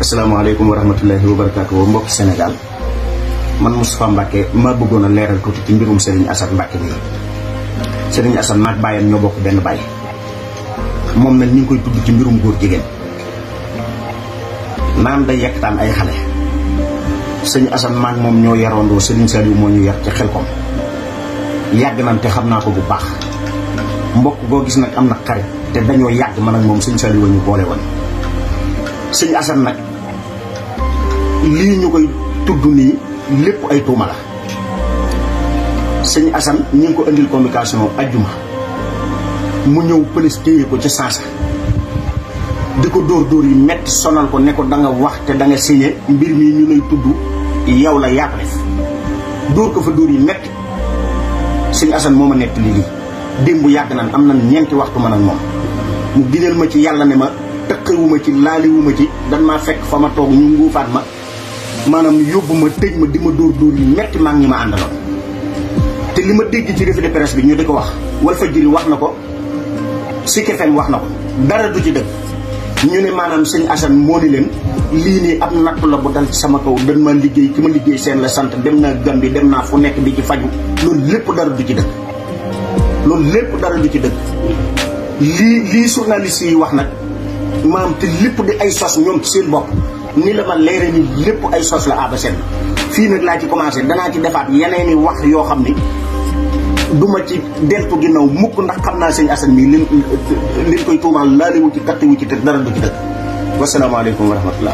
asalaamaaleykum wa rahmatullahi wa barakaatu mbokki Sénégal man Moustapha Mbacke ma bëggoon a leeral tuuti ci mbirum Serigne Assane Mbacke mii Serigne Assane maag bàyyam ñoo bokk benn bàyyi moom nag ñu ngi koy tudd ci mbirum góor jigéen naan day yekkataan ay xale sëñ Assane maag moom ñoo yaroondoo Serigne Saliou moo ñu yar ci xel kom yàgg nañ te xam naa ko bu baax mbokk boo gis nag am na xarit te dañoo yàgg man ak moom sëñ Saliou ñu boole woon seigne assane nak li ñukoy tuddu ni lepp ay tuma la seigne assane ñing ko andil communication ajjuma mu ñew police téye ko ci saasa diko dor dor yi metti sonal ko ne ko da nga wax te da nga signé mbir mi ñu lay tuddu yaw la yaa def dor ko fa dor yi metti seigne assane moma netti li dembu yag nan am nan ñeenti waxtu man ak mu gidel ma ci yalla ne ma wuma ci wuma ci dan ma fekk fama tok ñu ñu fat ma manam yobuma tejj ma di dor dor dóor yu metti maa ngi ma te lima degg ci refi de presse bi ñu di wax wal fa jiri wax nako ko sikefem wax nako dara du ci dëgg ñu ne manam seigne asan mo ni len li ni ab natt la bu dal ci sama kaw dan ma liggey ki ma liggéey seen la sante dem na gambi dem na fu nekk di ci faju lool lepp dara du ci dëgg lool lepp dara du ci dëgg li li journaliste yi wax nak maam te lépp di ay sos ñoom ci seen bopp ni la ma leere ni lépp ay sos la aba seen fii nag laa ci commencé danaa ci defaat yeneen i wax yoo xam ni duma ci deltu ginnaaw mukk ndax xam naa sëñ Assane mii li liñ koy tuumaal laale wu ci katt wu ci te dara du ci dëkk wasalaamaaleykum wa rahmatullah